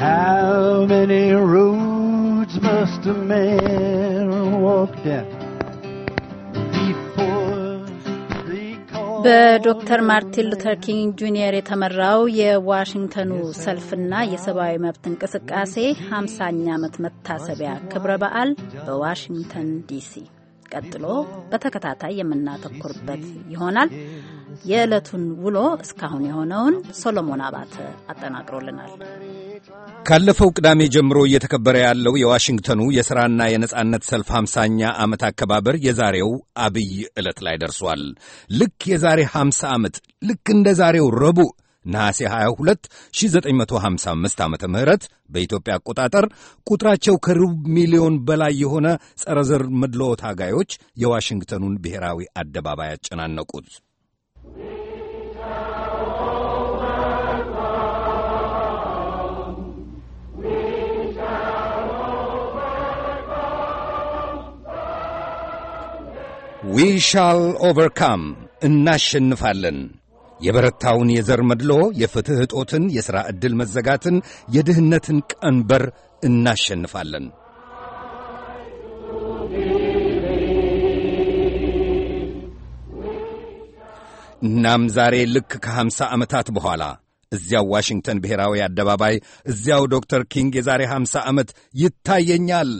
How many roads must a man walk down? በዶክተር ማርቲን ሉተር ኪንግ ጁኒየር የተመራው የዋሽንግተኑ ሰልፍና የሰብአዊ መብት እንቅስቃሴ ሀምሳኛ ዓመት መታሰቢያ ክብረ በዓል በዋሽንግተን ዲሲ ቀጥሎ በተከታታይ የምናተኩርበት ይሆናል። የዕለቱን ውሎ እስካሁን የሆነውን ሶሎሞን አባተ አጠናቅሮልናል። ካለፈው ቅዳሜ ጀምሮ እየተከበረ ያለው የዋሽንግተኑ የሥራና የነጻነት ሰልፍ ሃምሳኛ ዓመት አከባበር የዛሬው አብይ ዕለት ላይ ደርሷል። ልክ የዛሬ 50 ዓመት ልክ እንደ ዛሬው ረቡዕ ነሐሴ 22 1955 ዓ ም በኢትዮጵያ አቆጣጠር ቁጥራቸው ከሩብ ሚሊዮን በላይ የሆነ ጸረ ዘር መድልዎ ታጋዮች የዋሽንግተኑን ብሔራዊ አደባባይ አጨናነቁት። ዊ ሻል ኦቨርካም እናሸንፋለን። የበረታውን የዘር መድሎ፣ የፍትሕ እጦትን፣ የሥራ ዕድል መዘጋትን፣ የድህነትን ቀንበር እናሸንፋለን። እናም ዛሬ ልክ ከሀምሳ ዓመታት በኋላ እዚያው ዋሽንግተን ብሔራዊ አደባባይ፣ እዚያው ዶክተር ኪንግ የዛሬ 50 ዓመት ይታየኛል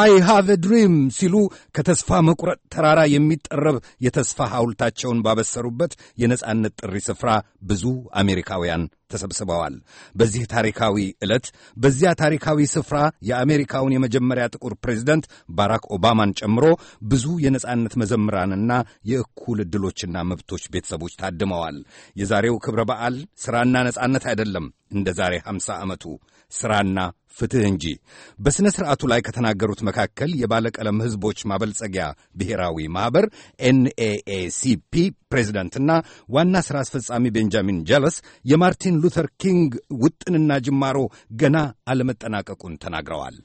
አይ ሃቭ ድሪም ሲሉ ከተስፋ መቁረጥ ተራራ የሚጠረብ የተስፋ ሐውልታቸውን ባበሰሩበት የነጻነት ጥሪ ስፍራ ብዙ አሜሪካውያን ተሰብስበዋል። በዚህ ታሪካዊ ዕለት በዚያ ታሪካዊ ስፍራ የአሜሪካውን የመጀመሪያ ጥቁር ፕሬዚደንት ባራክ ኦባማን ጨምሮ ብዙ የነጻነት መዘምራንና የእኩል ዕድሎችና መብቶች ቤተሰቦች ታድመዋል። የዛሬው ክብረ በዓል ሥራና ነጻነት አይደለም እንደ ዛሬ 50 ዓመቱ ሥራና ፍትሕ እንጂ። በሥነ ሥርዓቱ ላይ ከተናገሩት መካከል የባለቀለም ሕዝቦች ማበልጸጊያ ብሔራዊ ማኅበር ኤንኤኤሲፒ ፕሬዚዳንትና ዋና ሥራ አስፈጻሚ ቤንጃሚን ጀለስ የማርቲን ሉተር ኪንግ ውጥንና ጅማሮ ገና አለመጠናቀቁን ተናግረዋል።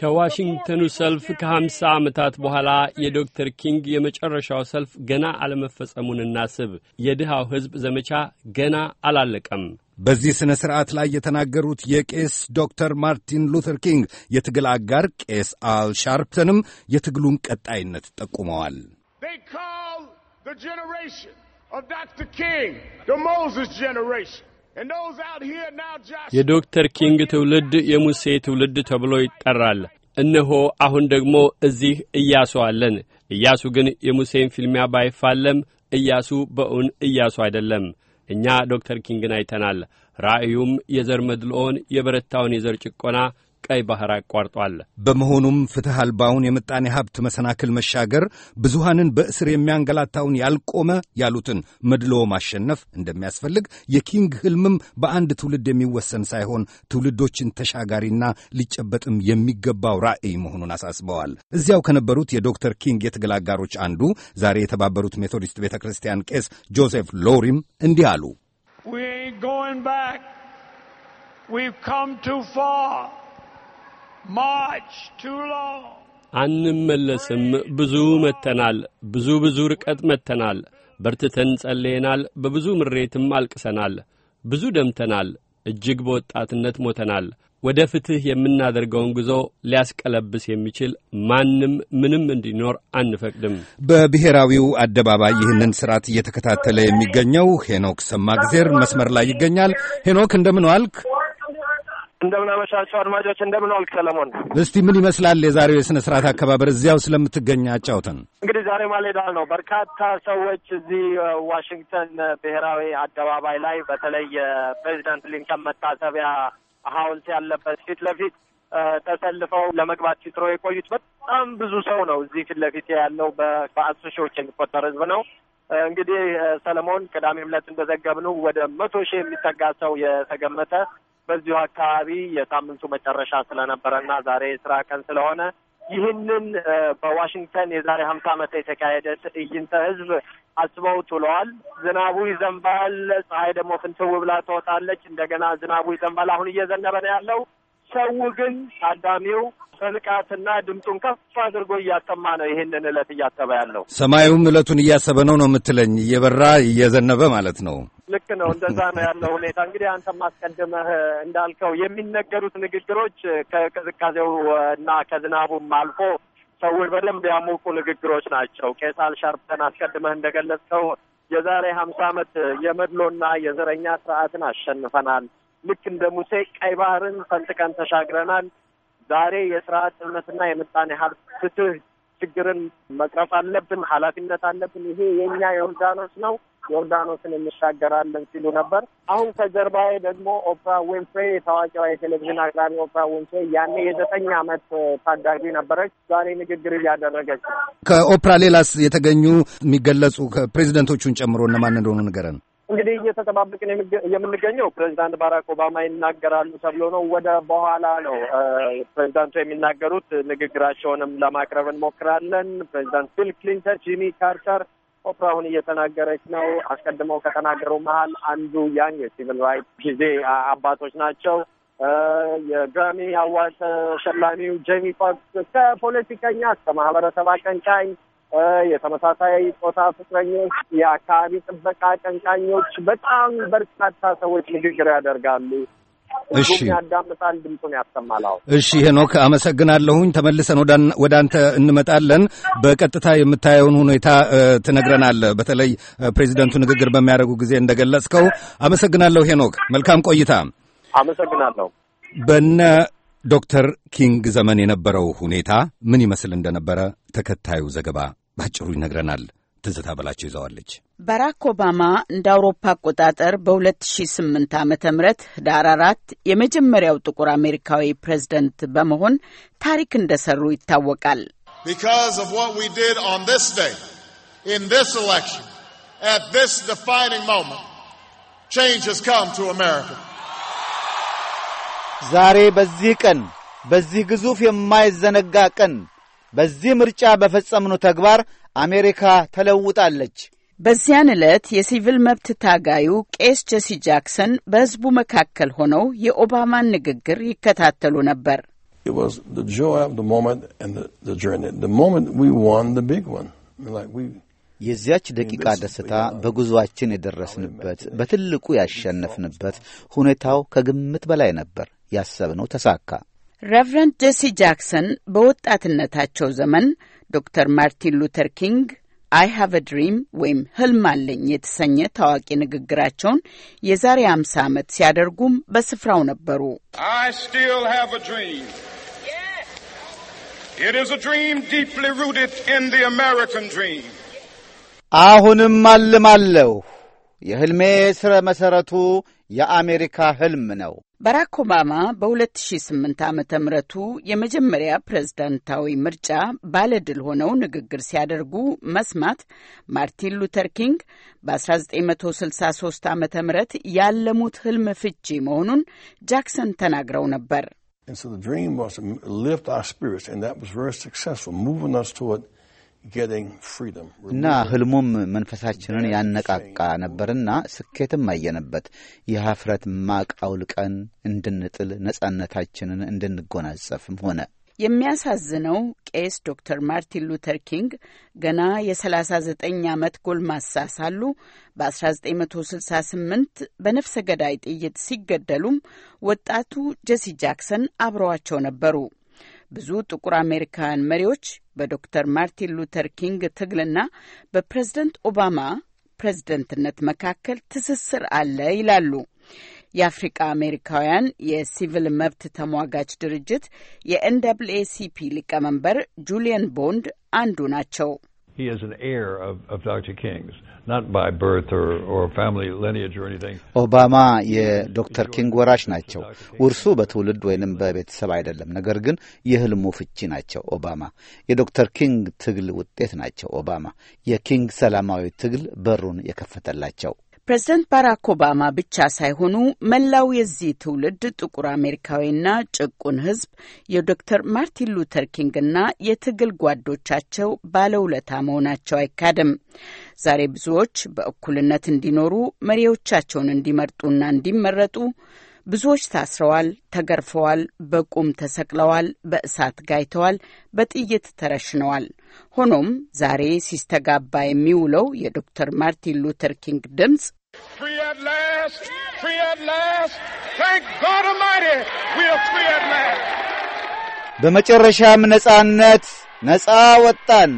ከዋሽንግተኑ ሰልፍ ከ50 ዓመታት በኋላ የዶክተር ኪንግ የመጨረሻው ሰልፍ ገና አለመፈጸሙን እናስብ። የድሃው ሕዝብ ዘመቻ ገና አላለቀም። በዚህ ሥነ ሥርዓት ላይ የተናገሩት የቄስ ዶክተር ማርቲን ሉተር ኪንግ የትግል አጋር ቄስ አል ሻርፕተንም የትግሉን ቀጣይነት ጠቁመዋል። ጄኔሬሽን ዶክተር ኪንግ ሞዚስ ጄኔሬሽን የዶክተር ኪንግ ትውልድ የሙሴ ትውልድ ተብሎ ይጠራል። እነሆ አሁን ደግሞ እዚህ እያሱ አለን። ኢያሱ ግን የሙሴን ፊልሚያ ባይፋለም ኢያሱ በእውን እያሱ አይደለም። እኛ ዶክተር ኪንግን አይተናል። ራእዩም የዘር መድልኦን የበረታውን የዘር ጭቆና ቀይ ባህር አቋርጧል። በመሆኑም ፍትህ አልባውን የምጣኔ ሀብት መሰናክል መሻገር ብዙሃንን በእስር የሚያንገላታውን ያልቆመ ያሉትን መድሎ ማሸነፍ እንደሚያስፈልግ የኪንግ ህልምም በአንድ ትውልድ የሚወሰን ሳይሆን ትውልዶችን ተሻጋሪና ሊጨበጥም የሚገባው ራዕይ መሆኑን አሳስበዋል። እዚያው ከነበሩት የዶክተር ኪንግ የትግል አጋሮች አንዱ ዛሬ የተባበሩት ሜቶዲስት ቤተ ክርስቲያን ቄስ ጆሴፍ ሎሪም እንዲህ አሉ። We ain't going back. We've come too far. አንመለስም። ብዙ መተናል። ብዙ ብዙ ርቀት መተናል በርትተን ጸልየናል። በብዙ ምሬትም አልቅሰናል። ብዙ ደምተናል። እጅግ በወጣትነት ሞተናል። ወደ ፍትሕ የምናደርገውን ጉዞ ሊያስቀለብስ የሚችል ማንም ምንም እንዲኖር አንፈቅድም። በብሔራዊው አደባባይ ይህንን ስርዓት እየተከታተለ የሚገኘው ሄኖክ ሰማግዜር መስመር ላይ ይገኛል። ሄኖክ እንደምን ዋልክ? እንደምን አመሻችሁ አድማጮች፣ እንደምን ዋልክ ሰለሞን። እስቲ ምን ይመስላል የዛሬው የሥነ ስርዓት አከባበር? እዚያው ስለምትገኝ አጫውተን። እንግዲህ ዛሬ ማለዳ ነው በርካታ ሰዎች እዚህ ዋሽንግተን ብሔራዊ አደባባይ ላይ በተለይ የፕሬዚዳንት ሊንከን መታሰቢያ ሀውልት ያለበት ፊት ለፊት ተሰልፈው ለመግባት ሲጥሮ የቆዩት በጣም ብዙ ሰው ነው። እዚህ ፊት ለፊት ያለው በአስር ሺዎች የሚቆጠር ህዝብ ነው። እንግዲህ ሰለሞን ቅዳሜ ዕለት እንደዘገብነው ወደ መቶ ሺህ የሚጠጋ ሰው የተገመተ በዚሁ አካባቢ የሳምንቱ መጨረሻ ስለነበረና ዛሬ የስራ ቀን ስለሆነ ይህንን በዋሽንግተን የዛሬ ሀምሳ ዓመት የተካሄደ ትዕይንተ ህዝብ አስበው ትለዋል። ዝናቡ ይዘንባል፣ ፀሐይ ደግሞ ፍንትው ብላ ትወጣለች። እንደገና ዝናቡ ይዘንባል። አሁን እየዘነበ ነው ያለው። ሰው ግን ታዳሚው በንቃትና ድምፁን ከፍ አድርጎ እያሰማ ነው። ይህንን እለት እያሰበ ያለው ሰማዩም እለቱን እያሰበ ነው ነው የምትለኝ? እየበራ እየዘነበ ማለት ነው። ልክ ነው። እንደዛ ነው ያለው ሁኔታ። እንግዲህ አንተም አስቀድመህ እንዳልከው የሚነገሩት ንግግሮች ከቅዝቃዜው እና ከዝናቡም አልፎ ሰዎች በደንብ ያሞቁ ንግግሮች ናቸው። ቄሳል ሻርፕተን አስቀድመህ እንደገለጽከው የዛሬ ሀምሳ ዓመት የመድሎና የዘረኛ ስርዓትን አሸንፈናል። ልክ እንደ ሙሴ ቀይ ባህርን ፈንጥቀን ተሻግረናል። ዛሬ የስርዓት እምነትና የምጣኔ ሀብት ፍትህ ችግርን መቅረፍ አለብን፣ ኃላፊነት አለብን። ይሄ የእኛ ዮርዳኖስ ነው፣ ዮርዳኖስን እንሻገራለን ሲሉ ነበር። አሁን ከጀርባዬ ደግሞ ኦፕራ ዊንፍሬ የታዋቂዋ የቴሌቪዥን አቅራቢ ኦፕራ ዊንፍሬ ያኔ የዘጠኝ ዓመት ታዳጊ ነበረች። ዛሬ ንግግር እያደረገች ከኦፕራ ሌላስ የተገኙ የሚገለጹ ከፕሬዚደንቶቹን ጨምሮ እነማን እንደሆኑ ንገረን። እንግዲህ እየተጠባበቅን የምንገኘው ፕሬዚዳንት ባራክ ኦባማ ይናገራሉ ተብሎ ነው። ወደ በኋላ ነው ፕሬዚዳንቱ የሚናገሩት። ንግግራቸውንም ለማቅረብ እንሞክራለን። ፕሬዚዳንት ቢል ክሊንተን፣ ጂሚ ካርተር ኦፕራ አሁን እየተናገረች ነው። አስቀድመው ከተናገሩ መሀል አንዱ ያን የሲቪል ራይት ጊዜ አባቶች ናቸው። የግራሚ አዋርድ ተሸላሚው ጄሚ ፎክስ ከፖለቲከኛ እስከ ማህበረሰብ አቀንቃኝ የተመሳሳይ ጾታ ፍቅረኞች፣ የአካባቢ ጥበቃ አቀንቃኞች፣ በጣም በርካታ ሰዎች ንግግር ያደርጋሉ። እሺ ያዳምጣል፣ ድምፁን ያሰማል። እሺ ሄኖክ አመሰግናለሁኝ። ተመልሰን ወደ አንተ እንመጣለን። በቀጥታ የምታየውን ሁኔታ ትነግረናለህ፣ በተለይ ፕሬዚደንቱ ንግግር በሚያደርጉ ጊዜ እንደገለጽከው። አመሰግናለሁ ሄኖክ፣ መልካም ቆይታ። አመሰግናለሁ። በነ ዶክተር ኪንግ ዘመን የነበረው ሁኔታ ምን ይመስል እንደነበረ ተከታዩ ዘገባ ባጭሩ ይነግረናል። ትዝታ በላቸው ይዘዋለች። ባራክ ኦባማ እንደ አውሮፓ አቆጣጠር በ2008 ዓ ም ህዳር አራት የመጀመሪያው ጥቁር አሜሪካዊ ፕሬዝደንት በመሆን ታሪክ እንደሰሩ ይታወቃል። ዛሬ በዚህ ቀን በዚህ ግዙፍ የማይዘነጋ ቀን በዚህ ምርጫ በፈጸምነው ተግባር አሜሪካ ተለውጣለች። በዚያን ዕለት የሲቪል መብት ታጋዩ ቄስ ጄሲ ጃክሰን በሕዝቡ መካከል ሆነው የኦባማን ንግግር ይከታተሉ ነበር። የዚያች ደቂቃ ደስታ በጉዞአችን የደረስንበት፣ በትልቁ ያሸነፍንበት፣ ሁኔታው ከግምት በላይ ነበር። ያሰብነው ተሳካ። ሬቨረንድ ጄሲ ጃክሰን በወጣትነታቸው ዘመን ዶክተር ማርቲን ሉተር ኪንግ አይ ሃቭ ድሪም ወይም ህልም አለኝ የተሰኘ ታዋቂ ንግግራቸውን የዛሬ አምሳ ዓመት ሲያደርጉም በስፍራው ነበሩ። አሁንም አልማለሁ። የህልሜ ሥረ መሠረቱ የአሜሪካ ህልም ነው። ባራክ ኦባማ በ2008 ዓ ምቱ የመጀመሪያ ፕሬዝዳንታዊ ምርጫ ባለድል ሆነው ንግግር ሲያደርጉ መስማት ማርቲን ሉተር ኪንግ በ1963 ዓ ምት ያለሙት ህልም ፍቺ መሆኑን ጃክሰን ተናግረው ነበር። እና ህልሙም መንፈሳችንን ያነቃቃ ነበርና ስኬትም አየንበት። የሀፍረት ማቅ አውልቀን እንድንጥል ነጻነታችንን እንድንጎናጸፍም ሆነ። የሚያሳዝነው ቄስ ዶክተር ማርቲን ሉተር ኪንግ ገና የ39 ዓመት ጎልማሳ ሳሉ በ1968 በነፍሰ ገዳይ ጥይት ሲገደሉም ወጣቱ ጄሲ ጃክሰን አብረዋቸው ነበሩ። ብዙ ጥቁር አሜሪካውያን መሪዎች በዶክተር ማርቲን ሉተር ኪንግ ትግልና በፕሬዝደንት ኦባማ ፕሬዝደንትነት መካከል ትስስር አለ ይላሉ። የአፍሪቃ አሜሪካውያን የሲቪል መብት ተሟጋች ድርጅት የኤንደብልኤሲፒ ሊቀመንበር ጁሊየን ቦንድ አንዱ ናቸው። he is an heir of, of Dr. King's, not by birth or, or family lineage or anything. ኦባማ የዶክተር ኪንግ ወራሽ ናቸው። ውርሱ በትውልድ ወይንም በቤተሰብ አይደለም፣ ነገር ግን የህልሙ ፍቺ ናቸው። ኦባማ የዶክተር ኪንግ ትግል ውጤት ናቸው። ኦባማ የኪንግ ሰላማዊ ትግል በሩን የከፈተላቸው ፕሬዝደንት ባራክ ኦባማ ብቻ ሳይሆኑ መላው የዚህ ትውልድ ጥቁር አሜሪካዊና ጭቁን ሕዝብ የዶክተር ማርቲን ሉተር ኪንግና የትግል ጓዶቻቸው ባለውለታ መሆናቸው አይካድም። ዛሬ ብዙዎች በእኩልነት እንዲኖሩ መሪዎቻቸውን እንዲመርጡና እንዲመረጡ ብዙዎች ታስረዋል፣ ተገርፈዋል፣ በቁም ተሰቅለዋል፣ በእሳት ጋይተዋል፣ በጥይት ተረሽነዋል። ሆኖም ዛሬ ሲስተጋባ የሚውለው የዶክተር ማርቲን ሉተር ኪንግ ድምፅ Free at last, free at last. Thank God Almighty, we are free at last. በመጨረሻም ነጻነት ነጻ ወጣን።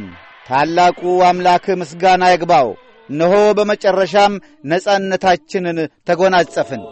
ታላቁ አምላክ ምስጋና ይግባው። እነሆ በመጨረሻም ነጻነታችንን ተጎናጸፍን።